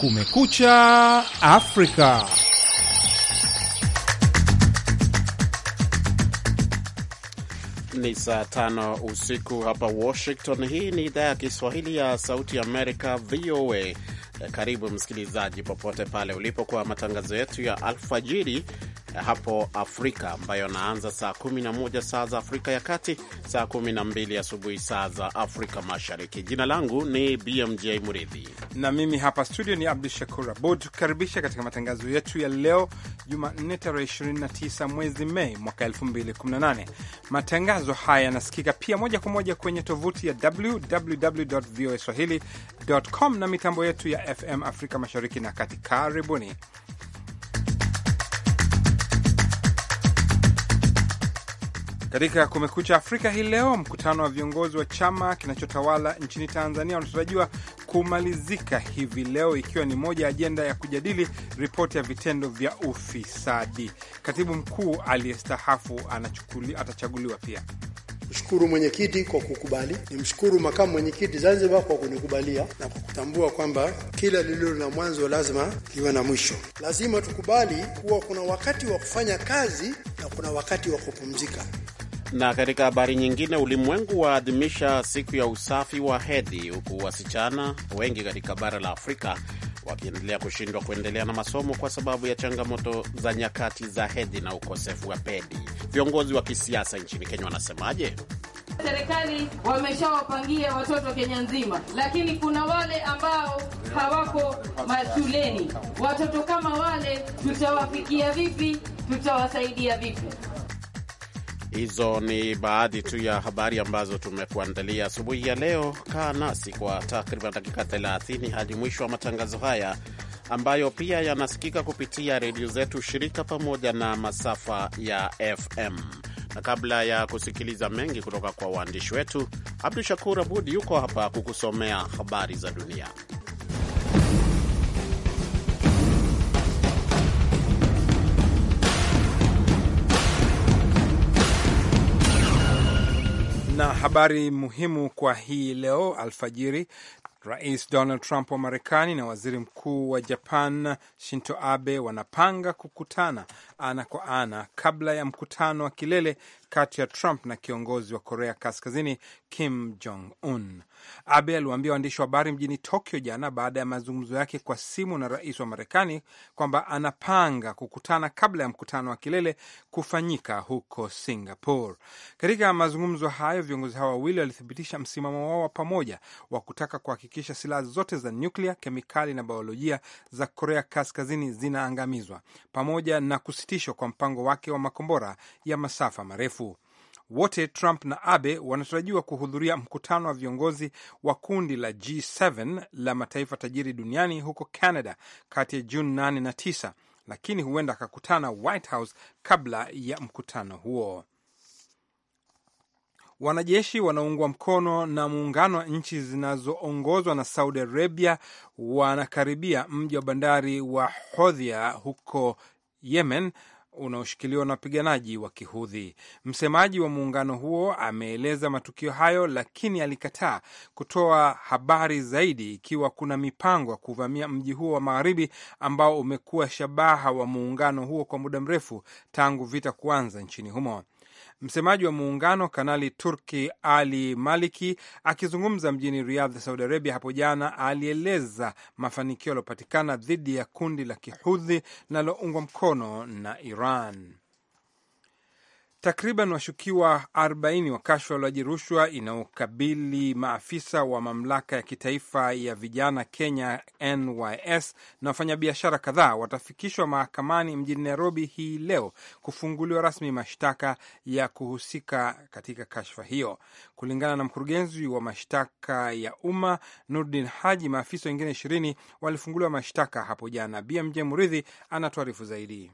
Kumekucha Afrika. Ni saa tano usiku hapa Washington. Hii ni idhaa ya Kiswahili ya Sauti ya Amerika, VOA. Eh, karibu msikilizaji, popote pale ulipo kwa matangazo yetu ya alfajiri hapo Afrika, ambayo anaanza saa 11 saa za Afrika ya Kati, saa 12 asubuhi saa za Afrika Mashariki. Jina langu ni BMJ Muridhi na mimi hapa studio ni Abdu Shakur Abud, kukaribisha katika matangazo yetu ya leo Jumanne tarehe 29 mwezi Mei mwaka 2018. Matangazo haya yanasikika pia moja kwa moja kwenye tovuti ya www voa swahili com na mitambo yetu ya FM Afrika Mashariki na Kati. Karibuni. Katika Kumekucha Afrika hii leo, mkutano wa viongozi wa chama kinachotawala nchini Tanzania unatarajiwa kumalizika hivi leo, ikiwa ni moja ajenda ya kujadili ripoti ya vitendo vya ufisadi. Katibu mkuu aliyestahafu atachaguliwa pia. Mshukuru mwenyekiti kwa kukubali, ni mshukuru makamu mwenyekiti Zanzibar kwa kunikubalia na kwa kutambua kwamba kila lililo na mwanzo lazima liwe na mwisho. Lazima tukubali kuwa kuna wakati wa kufanya kazi na kuna wakati wa kupumzika. Na katika habari nyingine, ulimwengu waadhimisha siku ya usafi wa hedhi, huku wasichana wengi katika bara la Afrika wakiendelea kushindwa kuendelea na masomo kwa sababu ya changamoto za nyakati za hedhi na ukosefu wa pedi. Viongozi wa kisiasa nchini Kenya wanasemaje? Serikali wameshawapangia watoto Kenya nzima, lakini kuna wale ambao hawako mashuleni. Watoto kama wale tutawafikia vipi? Tutawasaidia vipi? Hizo ni baadhi tu ya habari ambazo tumekuandalia asubuhi ya leo. Kaa nasi kwa takriban dakika 30 hadi mwisho wa matangazo haya ambayo pia yanasikika kupitia redio zetu shirika pamoja na masafa ya FM. Na kabla ya kusikiliza mengi kutoka kwa waandishi wetu, Abdu Shakur Abud yuko hapa kukusomea habari za dunia. Na habari muhimu kwa hii leo alfajiri, Rais Donald Trump wa Marekani na waziri mkuu wa Japan Shinzo Abe wanapanga kukutana ana kwa ana kabla ya mkutano wa kilele kati ya Trump na kiongozi wa Korea Kaskazini Kim Jong Un. Abe aliwaambia waandishi wa habari mjini Tokyo jana baada ya mazungumzo yake kwa simu na rais wa Marekani kwamba anapanga kukutana kabla ya mkutano wa kilele kufanyika huko Singapore. Katika mazungumzo hayo, viongozi hao wawili walithibitisha msimamo wao wa pamoja wa kutaka kuhakikisha silaha zote za nyuklia, kemikali na biolojia za Korea Kaskazini zinaangamizwa pamoja na kusitishwa kwa mpango wake wa makombora ya masafa marefu. Wote Trump na Abe wanatarajiwa kuhudhuria mkutano wa viongozi wa kundi la G7 la mataifa tajiri duniani huko Canada kati ya Juni 8 na 9, lakini huenda akakutana White House kabla ya mkutano huo. Wanajeshi wanaoungwa mkono na muungano wa nchi zinazoongozwa na Saudi Arabia wanakaribia mji wa bandari wa Hodhia huko Yemen unaoshikiliwa na wapiganaji wa Kihudhi. Msemaji wa muungano huo ameeleza matukio hayo, lakini alikataa kutoa habari zaidi ikiwa kuna mipango ya kuvamia mji huo wa magharibi ambao umekuwa shabaha wa muungano huo kwa muda mrefu tangu vita kuanza nchini humo. Msemaji wa muungano Kanali Turki Ali Maliki akizungumza mjini Riyadh, Saudi Arabia hapo jana alieleza mafanikio yaliyopatikana dhidi ya kundi la Kihudhi linaloungwa mkono na Iran. Takriban washukiwa 40 wa kashfa ulaji rushwa inaokabili maafisa wa mamlaka ya kitaifa ya vijana Kenya NYS na wafanyabiashara kadhaa watafikishwa mahakamani mjini Nairobi hii leo kufunguliwa rasmi mashtaka ya kuhusika katika kashfa hiyo. Kulingana na mkurugenzi wa mashtaka ya umma Nurdin Haji, maafisa wengine ishirini walifunguliwa mashtaka hapo jana. BMJ Muridhi anatuarifu zaidi.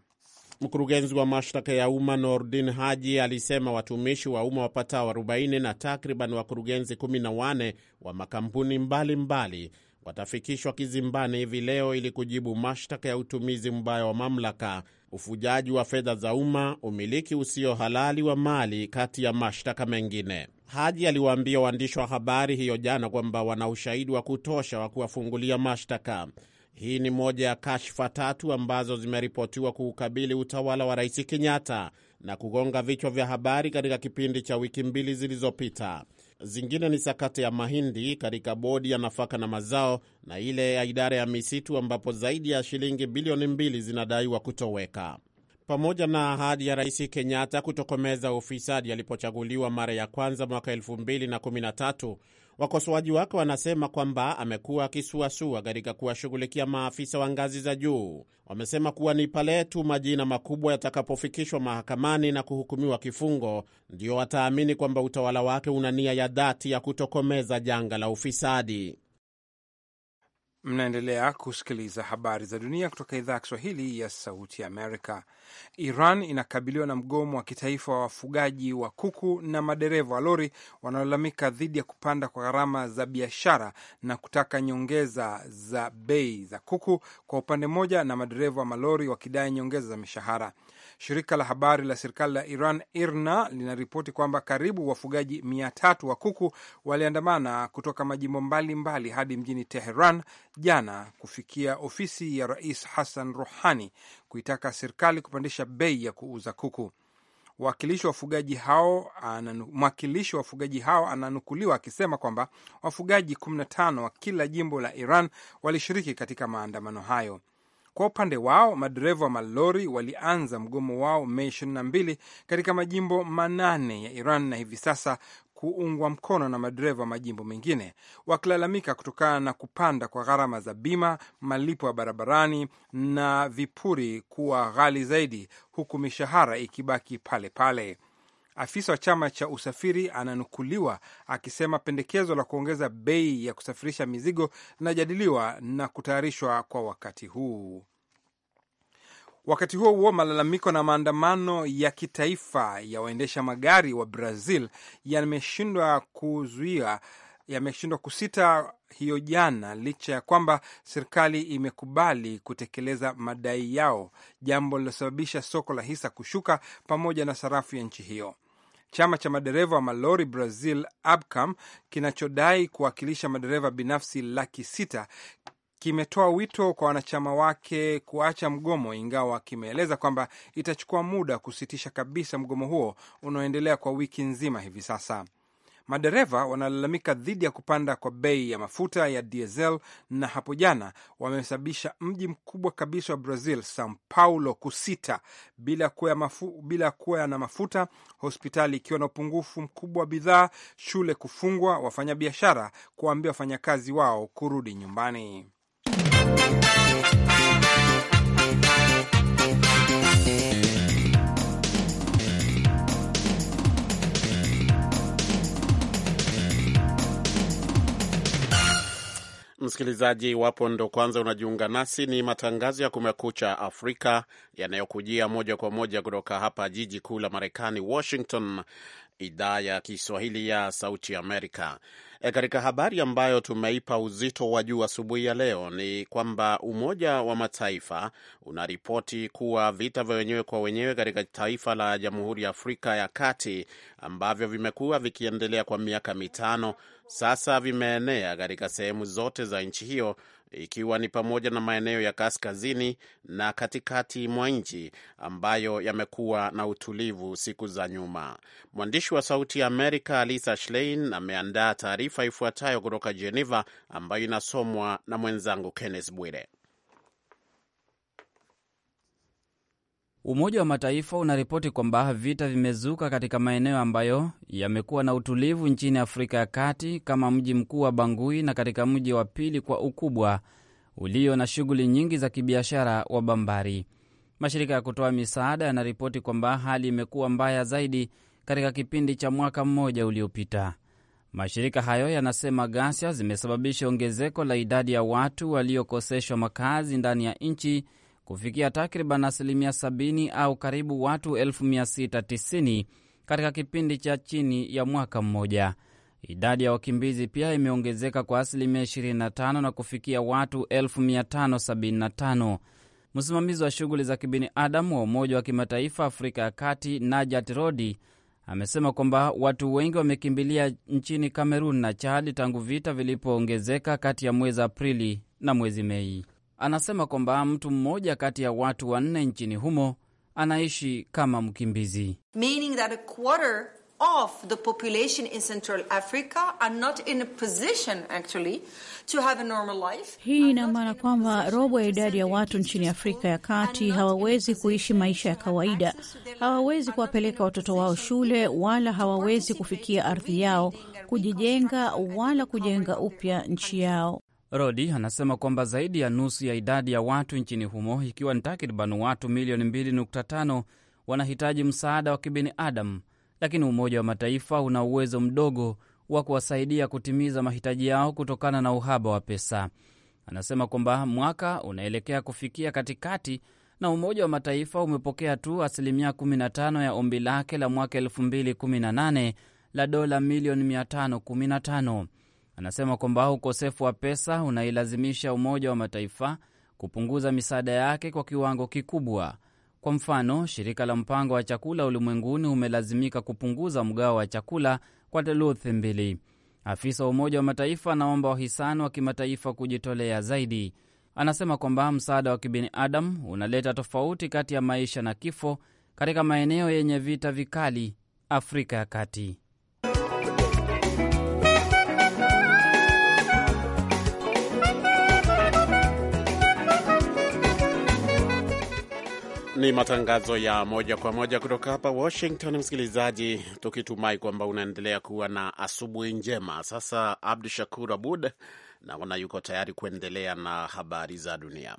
Mkurugenzi wa mashtaka ya umma Nordin Haji alisema watumishi wa umma wapatao 40 na takriban wakurugenzi 14 wa makampuni mbalimbali mbali watafikishwa kizimbani hivi leo ili kujibu mashtaka ya utumizi mbaya wa mamlaka, ufujaji wa fedha za umma, umiliki usio halali wa mali, kati ya mashtaka mengine. Haji aliwaambia waandishi wa habari hiyo jana kwamba wana ushahidi wa kutosha wa kuwafungulia mashtaka. Hii ni moja ya kashfa tatu ambazo zimeripotiwa kuukabili utawala wa Rais Kenyatta na kugonga vichwa vya habari katika kipindi cha wiki mbili zilizopita. Zingine ni sakata ya mahindi katika bodi ya nafaka na mazao na ile ya idara ya misitu ambapo zaidi ya shilingi bilioni mbili zinadaiwa kutoweka. Pamoja na ahadi ya Rais Kenyatta kutokomeza ufisadi alipochaguliwa mara ya kwanza mwaka 2013 Wakosoaji wake wanasema kwamba amekuwa akisuasua katika kuwashughulikia maafisa wa ngazi za juu. Wamesema kuwa ni pale tu majina makubwa yatakapofikishwa mahakamani na kuhukumiwa kifungo, ndio wataamini kwamba utawala wake una nia ya dhati ya kutokomeza janga la ufisadi. Mnaendelea kusikiliza habari za dunia kutoka idhaa ya Kiswahili ya Sauti Amerika. Iran inakabiliwa na mgomo wa kitaifa wa wafugaji wa kuku na madereva wa lori wanaolalamika dhidi ya kupanda kwa gharama za biashara na kutaka nyongeza za bei za kuku kwa upande mmoja, na madereva wa malori wakidai nyongeza za mishahara. Shirika la habari la serikali la Iran IRNA linaripoti kwamba karibu wafugaji mia tatu wa kuku waliandamana kutoka majimbo mbalimbali hadi mjini Teheran jana kufikia ofisi ya Rais Hassan Rouhani kuitaka serikali kupandisha bei ya kuuza kuku. Mwakilishi wa wafugaji hao, hao ananukuliwa akisema kwamba wafugaji 15 wa kila jimbo la Iran walishiriki katika maandamano hayo. Kwa upande wao madereva wa malori walianza mgomo wao Mei mbili katika majimbo manane ya Iran na hivi sasa kuungwa mkono na madereva wa majimbo mengine wakilalamika kutokana na kupanda kwa gharama za bima, malipo ya barabarani na vipuri kuwa ghali zaidi, huku mishahara ikibaki pale pale. Afisa wa chama cha usafiri ananukuliwa akisema pendekezo la kuongeza bei ya kusafirisha mizigo linajadiliwa na kutayarishwa kwa wakati huu. Wakati huo huo, malalamiko na maandamano ya kitaifa ya waendesha magari wa Brazil yameshindwa kuzuia yameshindwa kusita hiyo jana, licha ya kwamba serikali imekubali kutekeleza madai yao, jambo lililosababisha soko la hisa kushuka pamoja na sarafu ya nchi hiyo. Chama cha madereva wa malori Brazil, ABCAM, kinachodai kuwakilisha madereva binafsi laki sita kimetoa wito kwa wanachama wake kuacha mgomo, ingawa kimeeleza kwamba itachukua muda kusitisha kabisa mgomo huo unaoendelea kwa wiki nzima hivi sasa. Madereva wanalalamika dhidi ya kupanda kwa bei ya mafuta ya diesel, na hapo jana wamesababisha mji mkubwa kabisa wa Brazil, Sao Paulo, kusita bila kuwa mafu, bila kuwa na mafuta, hospitali ikiwa na upungufu mkubwa wa bidhaa, shule kufungwa, wafanyabiashara kuwaambia wafanyakazi wao kurudi nyumbani. msikilizaji, iwapo ndo kwanza unajiunga nasi, ni matangazo ya Kumekucha Afrika yanayokujia moja kwa moja kutoka hapa jiji kuu la Marekani, Washington, idhaa ya Kiswahili ya Sauti Amerika. E, katika habari ambayo tumeipa uzito wa juu asubuhi ya leo ni kwamba Umoja wa Mataifa unaripoti kuwa vita vya wenyewe kwa wenyewe katika taifa la Jamhuri ya Afrika ya Kati ambavyo vimekuwa vikiendelea kwa miaka mitano sasa vimeenea katika sehemu zote za nchi hiyo ikiwa ni pamoja na maeneo ya kaskazini na katikati mwa nchi ambayo yamekuwa na utulivu siku za nyuma. Mwandishi wa Sauti ya Amerika Lisa Schlein ameandaa taarifa ifuatayo kutoka Geneva ambayo inasomwa na mwenzangu Kenneth Bwire. Umoja wa Mataifa unaripoti kwamba vita vimezuka katika maeneo ambayo yamekuwa na utulivu nchini Afrika ya Kati kama mji mkuu wa Bangui na katika mji wa pili kwa ukubwa ulio na shughuli nyingi za kibiashara wa Bambari. Mashirika ya kutoa misaada yanaripoti kwamba hali imekuwa mbaya zaidi katika kipindi cha mwaka mmoja uliopita. Mashirika hayo yanasema ghasia zimesababisha ongezeko la idadi ya watu waliokoseshwa makazi ndani ya nchi kufikia takriban asilimia 70 au karibu watu 690 katika kipindi cha chini ya mwaka mmoja. Idadi ya wakimbizi pia imeongezeka kwa asilimia 25 na kufikia watu 575 Msimamizi wa shughuli za kibinadamu wa Umoja wa Kimataifa Afrika ya Kati Najat Rodi amesema kwamba watu wengi wamekimbilia nchini Kamerun na Chad tangu vita vilipoongezeka kati ya mwezi Aprili na mwezi Mei anasema kwamba mtu mmoja kati ya watu wanne nchini humo anaishi kama mkimbizi. Hii ina maana kwamba robo ya idadi ya watu nchini Afrika ya Kati hawawezi kuishi maisha ya kawaida, hawawezi kuwapeleka watoto wao shule, wala hawawezi kufikia ardhi yao, kujijenga wala kujenga upya nchi yao. Rodi anasema kwamba zaidi ya nusu ya idadi ya watu nchini humo, ikiwa ni takriban watu milioni 2.5 wanahitaji msaada wa kibinadamu, lakini Umoja wa Mataifa una uwezo mdogo wa kuwasaidia kutimiza mahitaji yao kutokana na uhaba wa pesa. Anasema kwamba mwaka unaelekea kufikia katikati na Umoja wa Mataifa umepokea tu asilimia 15 ya ombi lake la mwaka 2018 la dola milioni 515. Anasema kwamba ukosefu wa pesa unailazimisha Umoja wa Mataifa kupunguza misaada yake kwa kiwango kikubwa. Kwa mfano, shirika la mpango wa chakula ulimwenguni umelazimika kupunguza mgao wa chakula kwa theluthi mbili. Afisa wa Umoja wa Mataifa anaomba wahisani wa kimataifa kujitolea zaidi. Anasema kwamba msaada wa kibinadamu unaleta tofauti kati ya maisha na kifo katika maeneo yenye vita vikali Afrika ya Kati. Ni matangazo ya moja kwa moja kutoka hapa Washington, msikilizaji, tukitumai kwamba unaendelea kuwa na asubuhi njema. Sasa Abdu Shakur Abud naona yuko tayari kuendelea na habari za dunia.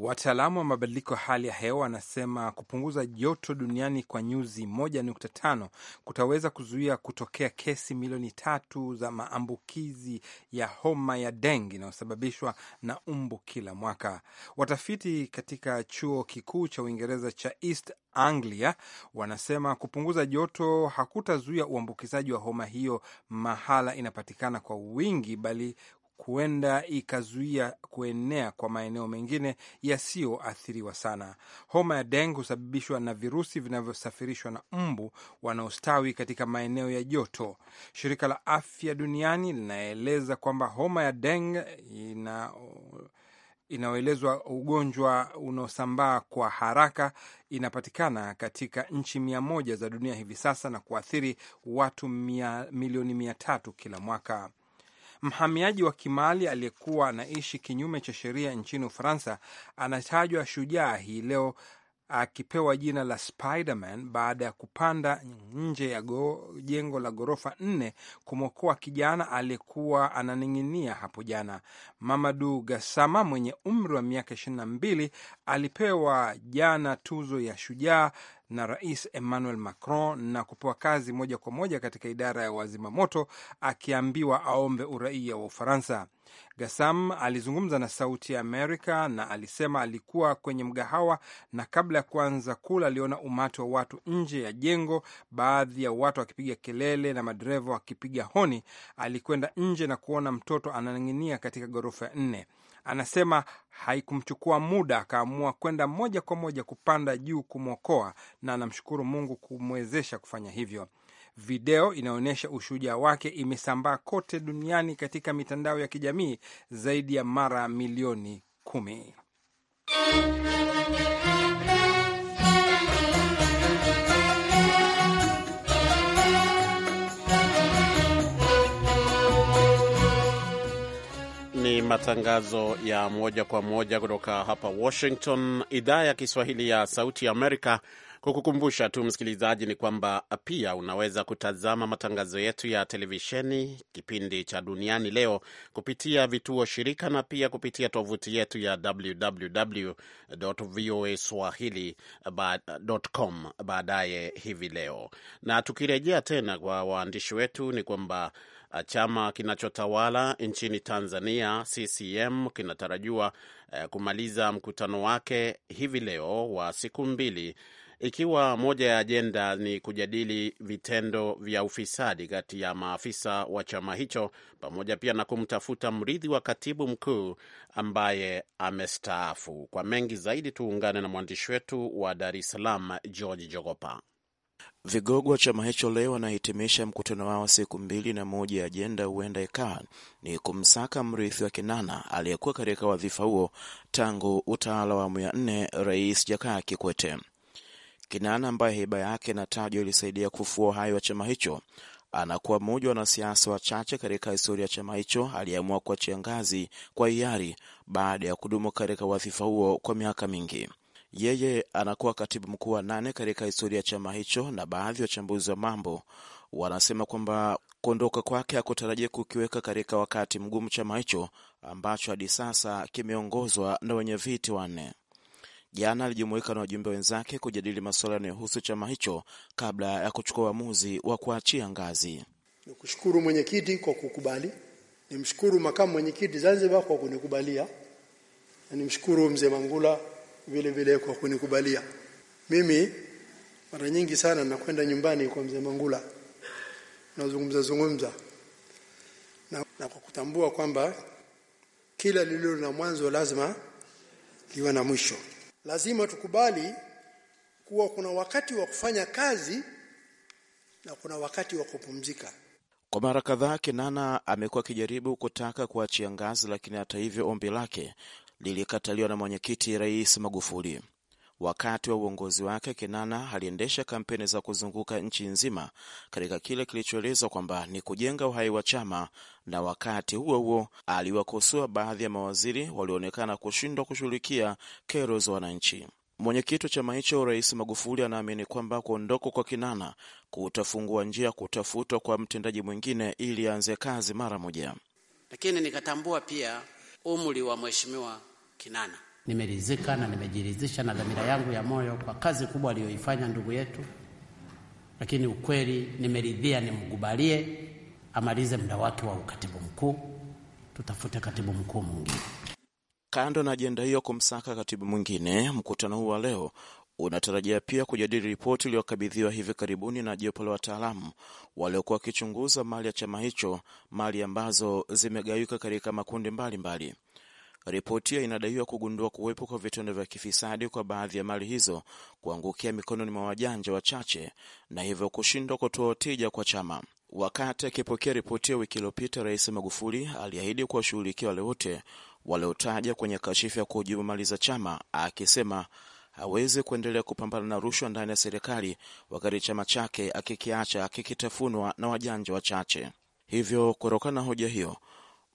Wataalamu wa mabadiliko ya hali ya hewa wanasema kupunguza joto duniani kwa nyuzi 1.5 kutaweza kuzuia kutokea kesi milioni tatu za maambukizi ya homa ya deng inayosababishwa na umbu kila mwaka. Watafiti katika chuo kikuu cha Uingereza cha East Anglia wanasema kupunguza joto hakutazuia uambukizaji wa homa hiyo mahala inapatikana kwa wingi, bali kuenda ikazuia kuenea kwa maeneo mengine yasiyoathiriwa sana. Homa ya deng husababishwa na virusi vinavyosafirishwa na mbu wanaostawi katika maeneo ya joto. Shirika la Afya Duniani linaeleza kwamba homa ya deng ina inayoelezwa ugonjwa unaosambaa kwa haraka inapatikana katika nchi mia moja za dunia hivi sasa na kuathiri watu mia, milioni mia tatu kila mwaka. Mhamiaji wa Kimali aliyekuwa anaishi kinyume cha sheria nchini Ufaransa anatajwa shujaa hii leo akipewa jina la Spiderman baada ya kupanda nje ya go, jengo la ghorofa nne kumwokoa kijana aliyekuwa ananing'inia hapo jana. Mamadu Gasama mwenye umri wa miaka ishirini na mbili alipewa jana tuzo ya shujaa na Rais Emmanuel Macron na kupewa kazi moja kwa moja katika idara ya wazima moto, akiambiwa aombe uraia wa Ufaransa. Gassam alizungumza na Sauti ya Amerika na alisema alikuwa kwenye mgahawa na kabla ya kuanza kula aliona umati wa watu nje ya jengo, baadhi ya watu wakipiga kelele na madereva wakipiga honi. Alikwenda nje na kuona mtoto ananing'inia katika ghorofa ya nne. Anasema haikumchukua muda, akaamua kwenda moja kwa moja kupanda juu kumwokoa, na anamshukuru Mungu kumwezesha kufanya hivyo. Video inaonyesha ushujaa wake imesambaa kote duniani katika mitandao ya kijamii zaidi ya mara milioni kumi. Ni matangazo ya moja kwa moja kutoka hapa Washington, idhaa ya Kiswahili ya Sauti ya Amerika. Kukukumbusha tu msikilizaji, ni kwamba pia unaweza kutazama matangazo yetu ya televisheni, kipindi cha Duniani Leo kupitia vituo shirika na pia kupitia tovuti yetu ya www voa swahili.com baadaye hivi leo. Na tukirejea tena kwa waandishi wetu, ni kwamba uh, chama kinachotawala nchini Tanzania CCM kinatarajiwa uh, kumaliza mkutano wake hivi leo wa siku mbili ikiwa moja ya ajenda ni kujadili vitendo vya ufisadi kati ya maafisa wa chama hicho pamoja pia na kumtafuta mrithi wa katibu mkuu ambaye amestaafu. Kwa mengi zaidi, tuungane na mwandishi wetu wa Dar es Salaam, George Jogopa. Vigogo wa chama hicho leo wanahitimisha mkutano wao siku mbili na moja. ya Ajenda huenda ikawa ni kumsaka mrithi wa Kinana aliyekuwa katika wadhifa huo tangu utawala wa awamu ya nne, Rais Jakaya Kikwete. Kinana ambaye heba yake inatajwa ilisaidia kufua uhai wa chama hicho, anakuwa mmoja wa wanasiasa wachache katika historia ya chama hicho aliyeamua kuachia ngazi kwa hiari baada ya kudumu katika wadhifa huo kwa miaka mingi. Yeye anakuwa katibu mkuu wa nane katika historia ya chama hicho, na baadhi ya wachambuzi wa mambo wanasema kwamba kuondoka kwake hakutarajia kukiweka katika wakati mgumu chama hicho ambacho hadi sasa kimeongozwa na wenye viti wanne. Jana alijumuika na wajumbe wenzake kujadili masuala yanayohusu chama hicho kabla ya kuchukua uamuzi wa kuachia ngazi. Nikushukuru mwenyekiti kwa kukubali, nimshukuru makamu mwenyekiti Zanzibar kwa kunikubalia, na nimshukuru mzee Mangula vile vile kwa kunikubalia. Mimi mara nyingi sana nakwenda nyumbani kwa mzee Mangula, nazungumza zungumza na, na kwa kutambua kwamba kila lililo na mwanzo lazima liwe na mwisho lazima tukubali kuwa kuna wakati wa kufanya kazi na kuna wakati wa kupumzika. Kwa mara kadhaa Kinana amekuwa akijaribu kutaka kuachia ngazi, lakini hata hivyo ombi lake lilikataliwa na mwenyekiti Rais Magufuli. Wakati wa uongozi wake, Kenana aliendesha kampeni za kuzunguka nchi nzima katika kile kilichoelezwa kwamba ni kujenga uhai wa chama, na wakati huo huo aliwakosoa baadhi ya mawaziri walioonekana kushindwa kushughulikia kero za wananchi. Mwenyekiti wa chama hicho Rais Magufuli anaamini kwamba kuondoka kwa Kinana kutafungua njia kutafutwa kwa mtendaji mwingine ili aanze kazi mara moja. Lakini nikatambua pia umri wa mheshimiwa Kinana Nimeridhika na nimejiridhisha na dhamira yangu ya moyo kwa kazi kubwa aliyoifanya ndugu yetu, lakini ukweli nimeridhia nimkubalie amalize muda wake wa ukatibu mkuu, tutafute katibu mkuu mwingine. Kando na ajenda hiyo kumsaka katibu mwingine, mkutano huu wa leo unatarajia pia kujadili ripoti iliyokabidhiwa hivi karibuni na jopo la wataalamu waliokuwa wakichunguza mali ya chama hicho, mali ambazo zimegawika katika makundi mbalimbali mbali. Ripoti hiyo inadaiwa kugundua kuwepo kwa vitendo vya kifisadi kwa baadhi ya mali hizo kuangukia mikononi mwa wajanja wachache na hivyo kushindwa kutoa tija kwa chama. Wakati akipokea ripoti ya wiki iliyopita, Rais Magufuli aliahidi kuwashughulikia wale wote waliotaja kwenye kashifu ya kuhujumu mali za chama, akisema hawezi kuendelea kupambana na rushwa ndani ya serikali wakati chama chake akikiacha kikitafunwa na wajanja wachache. Hivyo, kutokana na hoja hiyo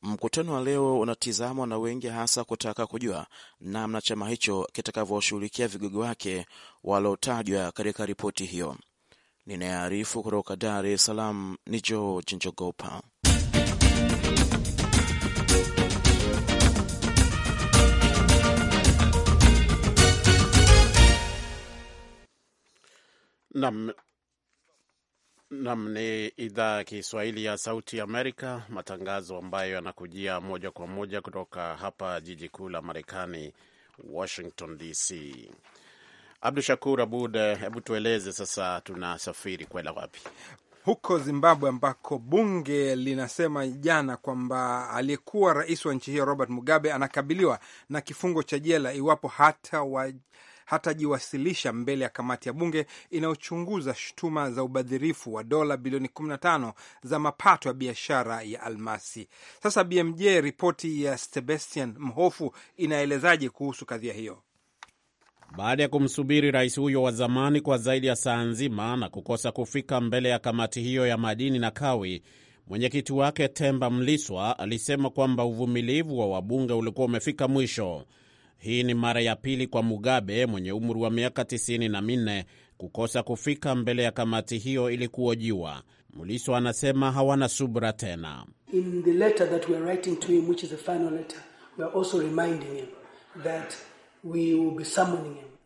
Mkutano wa leo unatizamwa na wengi, hasa kutaka kujua namna chama hicho kitakavyoshughulikia vigogo wake waliotajwa katika ripoti hiyo. Ninayearifu kutoka Dar es Salaam ni George Njogopa. Nam, Nam ni idhaa ya Kiswahili ya Sauti Amerika, matangazo ambayo yanakujia moja kwa moja kutoka hapa jiji kuu la Marekani, Washington DC. Abdu Shakur Abud, hebu tueleze sasa, tunasafiri kwenda wapi? Huko Zimbabwe ambako bunge linasema jana kwamba aliyekuwa rais wa nchi hiyo Robert Mugabe anakabiliwa na kifungo cha jela iwapo hata wa hatajiwasilisha mbele ya kamati ya bunge inayochunguza shutuma za ubadhirifu wa dola bilioni 15 za mapato ya biashara ya almasi. Sasa BMJ, ripoti ya Sebastian Mhofu inaelezaje kuhusu kadhia hiyo? Baada ya kumsubiri rais huyo wa zamani kwa zaidi ya saa nzima na kukosa kufika mbele ya kamati hiyo ya madini na kawi, mwenyekiti wake Temba Mliswa alisema kwamba uvumilivu wa wabunge ulikuwa umefika mwisho. Hii ni mara ya pili kwa Mugabe mwenye umri wa miaka 94 kukosa kufika mbele ya kamati hiyo ili kuojiwa. Mliso anasema hawana subra tena.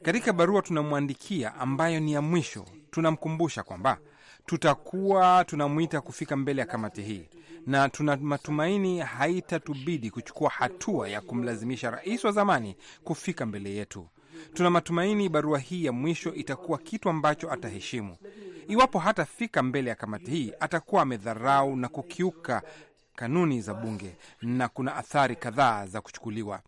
Katika barua tunamwandikia ambayo ni ya mwisho, tunamkumbusha kwamba tutakuwa tunamwita kufika mbele ya kamati hii na tuna matumaini haitatubidi kuchukua hatua ya kumlazimisha rais wa zamani kufika mbele yetu. Tuna matumaini barua hii ya mwisho itakuwa kitu ambacho ataheshimu. Iwapo hatafika mbele ya kamati hii, atakuwa amedharau na kukiuka kanuni za bunge na kuna athari kadhaa za kuchukuliwa.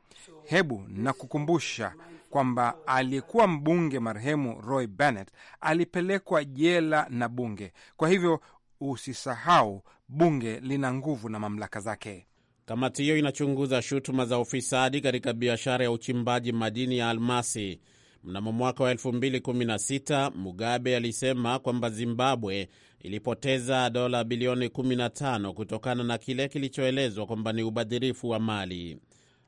Hebu na kukumbusha kwamba aliyekuwa mbunge marehemu Roy Bennett alipelekwa jela na bunge. Kwa hivyo usisahau bunge lina nguvu na mamlaka zake. Kamati hiyo inachunguza shutuma za ufisadi katika biashara ya uchimbaji madini ya almasi. Mnamo mwaka wa 2016 Mugabe alisema kwamba Zimbabwe ilipoteza dola bilioni 15 kutokana na kile kilichoelezwa kwamba ni ubadhirifu wa mali.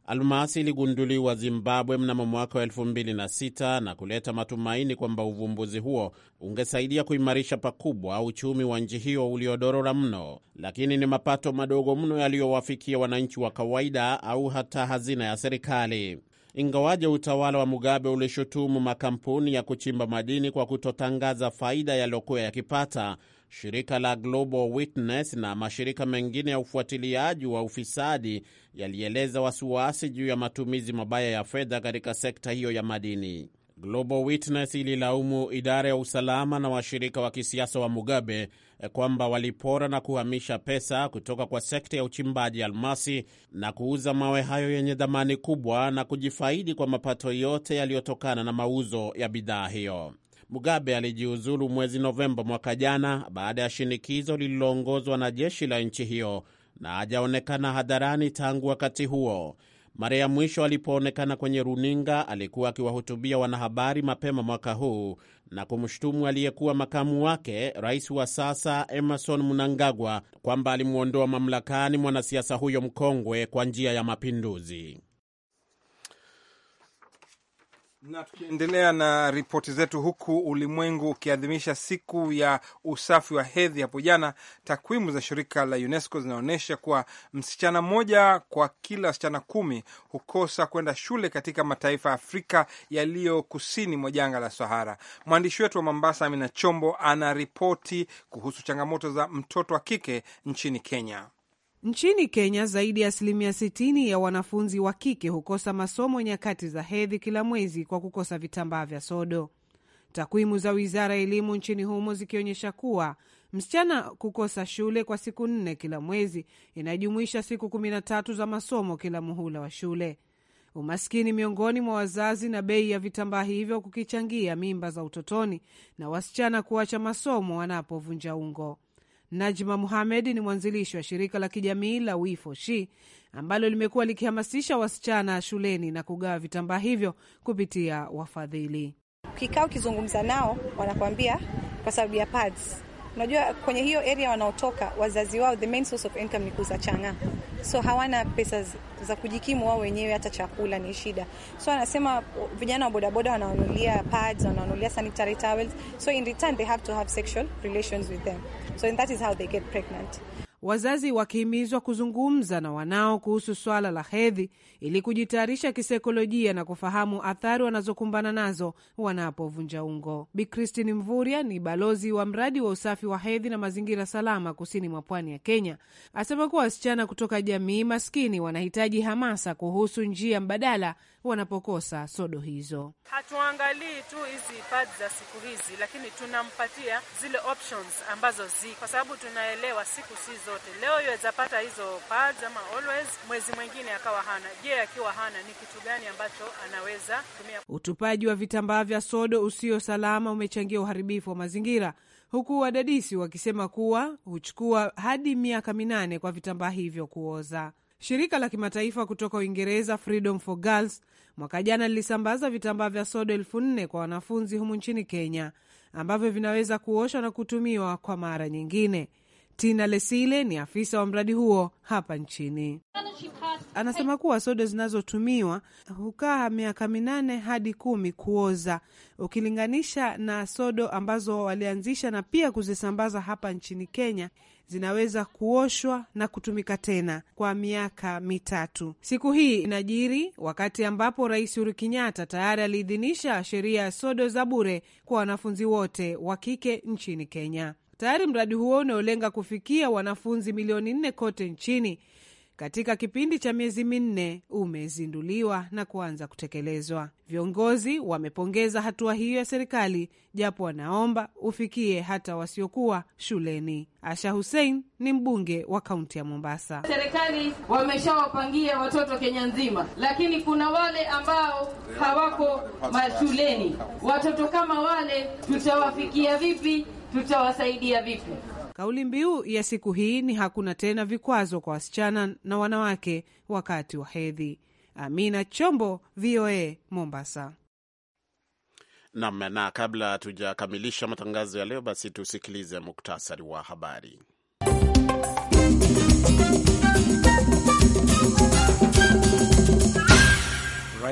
Almasi iligunduliwa Zimbabwe mnamo mwaka wa 2006 na kuleta matumaini kwamba uvumbuzi huo ungesaidia kuimarisha pakubwa uchumi wa nchi hiyo uliodorora mno, lakini ni mapato madogo mno yaliyowafikia wananchi wa kawaida au hata hazina ya serikali. Ingawaje utawala wa Mugabe ulishutumu makampuni ya kuchimba madini kwa kutotangaza faida yaliyokuwa yakipata, Shirika la Global Witness na mashirika mengine ya ufuatiliaji wa ufisadi yalieleza wasiwasi juu ya matumizi mabaya ya fedha katika sekta hiyo ya madini. Global Witness ililaumu idara ya usalama na washirika wa kisiasa wa Mugabe eh, kwamba walipora na kuhamisha pesa kutoka kwa sekta ya uchimbaji almasi na kuuza mawe hayo yenye dhamani kubwa na kujifaidi kwa mapato yote yaliyotokana na mauzo ya bidhaa hiyo. Mugabe alijiuzulu mwezi Novemba mwaka jana baada ya shinikizo lililoongozwa na jeshi la nchi hiyo na hajaonekana hadharani tangu wakati huo. Mara ya mwisho alipoonekana kwenye runinga alikuwa akiwahutubia wanahabari mapema mwaka huu na kumshutumu aliyekuwa makamu wake, rais wa sasa Emerson Mnangagwa, kwamba alimwondoa mamlakani mwanasiasa huyo mkongwe kwa njia ya mapinduzi na tukiendelea na ripoti zetu, huku ulimwengu ukiadhimisha siku ya usafi wa hedhi hapo jana, takwimu za shirika la UNESCO zinaonyesha kuwa msichana mmoja kwa kila wasichana kumi hukosa kwenda shule katika mataifa ya Afrika yaliyo kusini mwa janga la Sahara. Mwandishi wetu wa Mombasa, Amina Chombo, ana ripoti kuhusu changamoto za mtoto wa kike nchini Kenya. Nchini Kenya, zaidi ya asilimia 60 ya wanafunzi wa kike hukosa masomo nyakati za hedhi kila mwezi kwa kukosa vitambaa vya sodo, takwimu za wizara ya elimu nchini humo zikionyesha kuwa msichana kukosa shule kwa siku nne kila mwezi inajumuisha siku kumi na tatu za masomo kila muhula wa shule. Umaskini miongoni mwa wazazi na bei ya vitambaa hivyo kukichangia mimba za utotoni na wasichana kuacha masomo wanapovunja ungo. Najma Muhamed ni mwanzilishi wa shirika la kijamii la We ambalo limekuwa likihamasisha wasichana shuleni na kugawa vitambaa hivyo kupitia wafadhili. Ukikaa ukizungumza nao wanakuambia kwa sababu ya pads Unajua, kwenye hiyo area wanaotoka wazazi wao, the main source of income ni kuuza changa so hawana pesa za kujikimu wao wenyewe, hata chakula ni shida. So anasema oh, vijana wa bodaboda wanawanunulia pads, wanawanunulia sanitary towels, so in return they have to have sexual relations with them, so that is how they get pregnant wazazi wakihimizwa kuzungumza na wanao kuhusu swala la hedhi ili kujitayarisha kisaikolojia na kufahamu athari wanazokumbana nazo wanapovunja ungo. Bi Christine Mvurya ni balozi wa mradi wa usafi wa hedhi na mazingira salama kusini mwa pwani ya Kenya, asema kuwa wasichana kutoka jamii maskini wanahitaji hamasa kuhusu njia mbadala wanapokosa sodo hizo. Hatuangalii tu hizi pad za siku hizi, lakini tunampatia zile options ambazo zi, kwa sababu tunaelewa siku si zote. Leo iwezapata pata hizo pads ama always, mwezi mwingine akawa hana. Je, akiwa hana ni kitu gani ambacho anaweza tumia? Utupaji wa vitambaa vya sodo usio salama umechangia uharibifu wa mazingira huku wadadisi wakisema kuwa huchukua hadi miaka minane kwa vitambaa hivyo kuoza. Shirika la kimataifa kutoka Uingereza, Freedom for Girls, mwaka jana lilisambaza vitambaa vya sodo elfu nne kwa wanafunzi humu nchini Kenya, ambavyo vinaweza kuoshwa na kutumiwa kwa mara nyingine. Tina Lesile ni afisa wa mradi huo hapa nchini. Anasema kuwa sodo zinazotumiwa hukaa miaka minane hadi kumi kuoza ukilinganisha na sodo ambazo walianzisha na pia kuzisambaza hapa nchini Kenya zinaweza kuoshwa na kutumika tena kwa miaka mitatu. Siku hii inajiri wakati ambapo Rais Uhuru Kenyatta tayari aliidhinisha sheria ya sodo za bure kwa wanafunzi wote wa kike nchini Kenya. Tayari mradi huo unaolenga kufikia wanafunzi milioni nne kote nchini katika kipindi cha miezi minne umezinduliwa na kuanza kutekelezwa. Viongozi wamepongeza hatua hiyo ya serikali, japo wanaomba ufikie hata wasiokuwa shuleni. Asha Hussein ni mbunge wa kaunti ya Mombasa. Serikali wameshawapangia watoto Kenya nzima, lakini kuna wale ambao hawako mashuleni. Watoto kama wale tutawafikia vipi? Tutawasaidia vipi? Kauli mbiu ya siku hii ni hakuna tena vikwazo kwa wasichana na wanawake wakati wa hedhi. Amina Chombo, VOA Mombasa. Nam, na kabla tujakamilisha matangazo ya leo, basi tusikilize muktasari wa habari.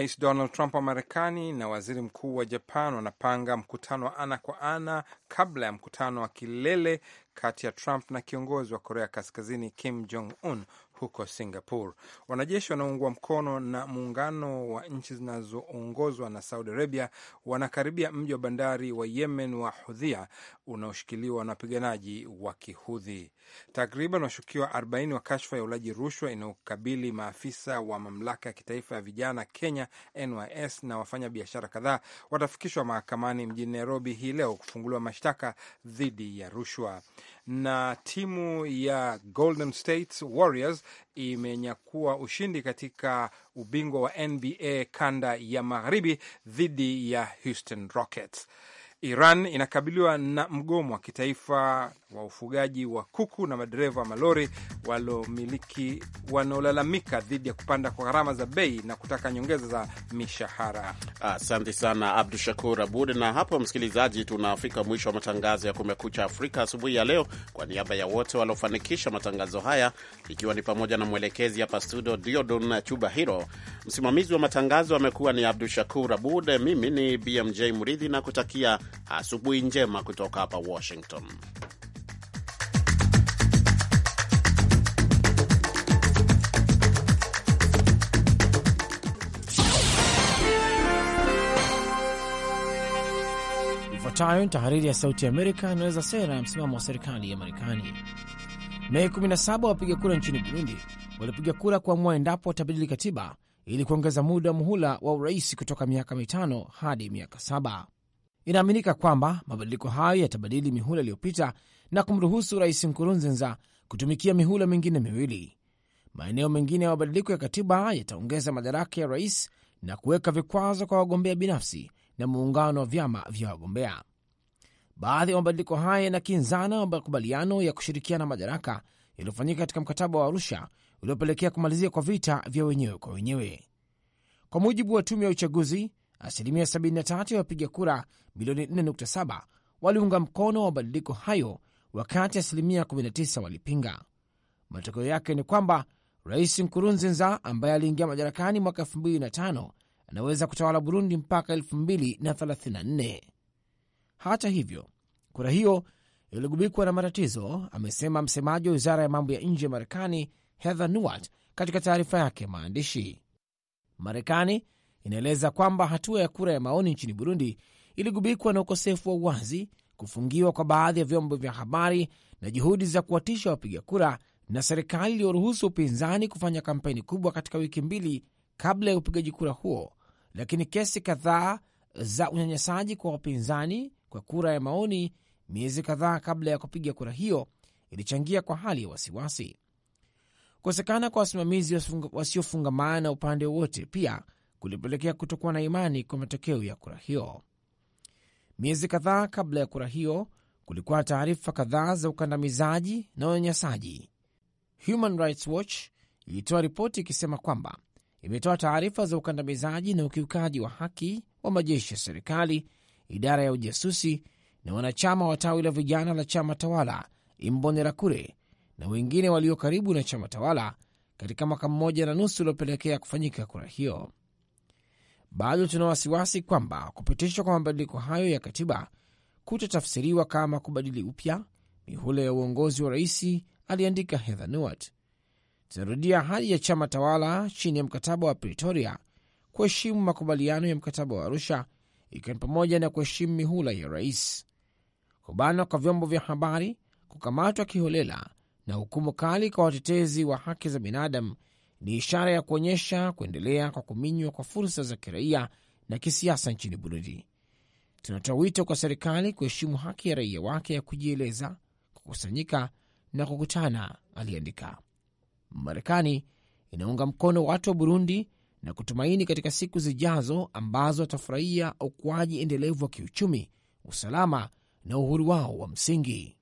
Rais Donald Trump wa Marekani na waziri mkuu wa Japan wanapanga mkutano wa ana kwa ana kabla ya mkutano wa kilele kati ya Trump na kiongozi wa Korea Kaskazini Kim Jong Un huko Singapore. Wanajeshi wanaoungwa mkono na muungano wa nchi zinazoongozwa na Saudi Arabia wanakaribia mji wa bandari wa Yemen wa Hudhia unaoshikiliwa na wapiganaji wa Kihudhi. Takriban washukiwa 40 wa kashfa ya ulaji rushwa inayokabili maafisa wa mamlaka ya kitaifa ya vijana Kenya NYS na wafanya biashara kadhaa watafikishwa mahakamani mjini Nairobi hii leo kufunguliwa mashtaka dhidi ya rushwa na timu ya Golden State Warriors imenyakua ushindi katika ubingwa wa NBA kanda ya magharibi dhidi ya Houston Rockets. Iran inakabiliwa na mgomo wa kitaifa wa ufugaji wa kuku na madereva wa malori walomiliki wanaolalamika dhidi ya kupanda kwa gharama za bei na kutaka nyongeza za mishahara. Asante sana Abdu Shakur Abud. Na hapo msikilizaji, tunafika mwisho wa matangazo ya Kumekucha Afrika asubuhi ya leo. Kwa niaba ya wote waliofanikisha matangazo haya, ikiwa ni pamoja na mwelekezi hapa studio Diodon Chuba Hiro, msimamizi wa matangazo amekuwa ni Abdu Shakur Abud, mimi ni BMJ mridhi na kutakia asubuhi njema kutoka hapa Washington. Ifuatayo ni tahariri ya Sauti Amerika inaweza sera ya msimamo wa serikali ya Marekani. Mei 17 wapiga kura nchini Burundi walipiga kura kuamua endapo watabadili katiba ili kuongeza muda wa muhula wa urais kutoka miaka mitano hadi miaka saba. Inaaminika kwamba mabadiliko hayo yatabadili mihula iliyopita na kumruhusu Rais Nkurunziza kutumikia mihula mingine miwili. Maeneo mengine ya mabadiliko ya katiba yataongeza madaraka ya rais na kuweka vikwazo kwa wagombea binafsi na muungano wa vyama vya wagombea. Baadhi ya mabadiliko haya yanakinzana na makubaliano ya kushirikiana madaraka yaliyofanyika katika mkataba wa Arusha uliopelekea kumalizia kwa vita vya wenyewe kwa wenyewe. Kwa mujibu wa tume ya uchaguzi, asilimia 73 ya wapiga kura milioni 4.7 waliunga mkono wa mabadiliko hayo, wakati asilimia 19 walipinga. Matokeo yake ni kwamba Rais Nkurunziza ambaye aliingia madarakani mwaka 2005 anaweza kutawala Burundi mpaka 2034. Hata hivyo, kura hiyo iligubikwa na matatizo, amesema msemaji wa wizara ya mambo ya nje ya Marekani Heather Nauert katika taarifa yake maandishi. Marekani inaeleza kwamba hatua ya kura ya maoni nchini Burundi iligubikwa na ukosefu wa uwazi, kufungiwa kwa baadhi ya vyombo vya habari na juhudi za kuwatisha wapiga kura na serikali iliyoruhusu upinzani kufanya kampeni kubwa katika wiki mbili kabla ya upigaji kura huo lakini kesi kadhaa za unyanyasaji kwa wapinzani kwa kura ya maoni miezi kadhaa kabla ya kupiga kura hiyo ilichangia kwa hali ya wasiwasi. Kukosekana kwa wasimamizi wasiofungamana upande wowote pia kulipelekea kutokuwa na imani kwa matokeo ya kura hiyo. Miezi kadhaa kabla ya kura hiyo, kulikuwa na taarifa kadhaa za ukandamizaji na unyanyasaji. Human Rights Watch ilitoa ripoti ikisema kwamba imetoa taarifa za ukandamizaji na ukiukaji wa haki wa majeshi ya serikali, idara ya ujasusi na wanachama wa tawi la vijana la chama tawala Imbonerakure na wengine walio karibu na chama tawala katika mwaka mmoja na nusu uliopelekea kufanyika kura hiyo. Bado tuna wasiwasi kwamba kupitishwa kwa mabadiliko hayo ya katiba kutatafsiriwa kama kubadili upya mihula ya uongozi wa rais, aliandika Heather Nauert, zinarudia hali ya chama tawala chini ya mkataba wa Pretoria kuheshimu makubaliano ya mkataba wa Arusha, ikiwa ni pamoja na kuheshimu mihula ya rais, kubanwa kwa vyombo vya habari, kukamatwa kiholela na hukumu kali kwa watetezi wa haki za binadamu ni ishara ya kuonyesha kuendelea kwa kuminywa kwa fursa za kiraia na kisiasa nchini Burundi. Tunatoa wito kwa serikali kuheshimu haki ya raia wake ya kujieleza, kukusanyika na kukutana, aliandika. Marekani inaunga mkono watu wa Burundi na kutumaini katika siku zijazo ambazo watafurahia ukuaji endelevu wa kiuchumi, usalama na uhuru wao wa msingi.